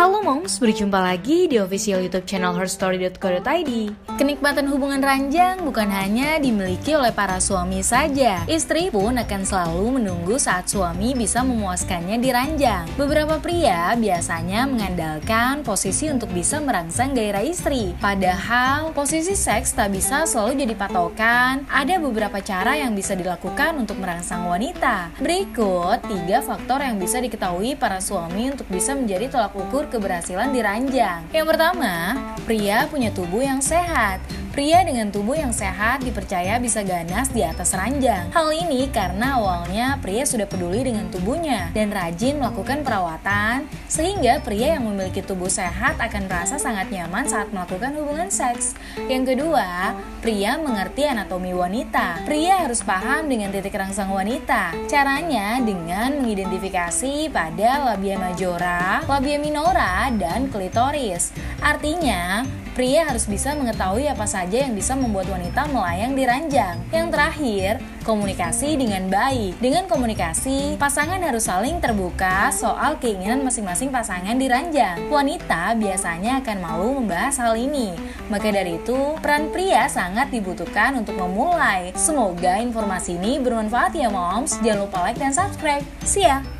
Halo Moms, berjumpa lagi di official YouTube channel herstory.co.id. Kenikmatan hubungan ranjang bukan hanya dimiliki oleh para suami saja. Istri pun akan selalu menunggu saat suami bisa memuaskannya di ranjang. Beberapa pria biasanya mengandalkan posisi untuk bisa merangsang gairah istri. Padahal, posisi seks tak bisa selalu jadi patokan. Ada beberapa cara yang bisa dilakukan untuk merangsang wanita. Berikut tiga faktor yang bisa diketahui para suami untuk bisa menjadi tolak ukur keberhasilan diranjang. Yang pertama, pria punya tubuh yang sehat. Pria dengan tubuh yang sehat dipercaya bisa ganas di atas ranjang. Hal ini karena awalnya pria sudah peduli dengan tubuhnya dan rajin melakukan perawatan sehingga pria yang memiliki tubuh sehat akan merasa sangat nyaman saat melakukan hubungan seks. Yang kedua, pria mengerti anatomi wanita. Pria harus paham dengan titik rangsang wanita. Caranya dengan mengidentifikasi pada labia majora, labia minora, dan klitoris. Artinya, pria harus bisa mengetahui apa saja yang bisa membuat wanita melayang di ranjang. Yang terakhir, Komunikasi dengan baik. Dengan komunikasi, pasangan harus saling terbuka soal keinginan masing-masing pasangan diranjang. Wanita biasanya akan mau membahas hal ini. Maka dari itu, peran pria sangat dibutuhkan untuk memulai. Semoga informasi ini bermanfaat ya moms. Jangan lupa like dan subscribe. See ya!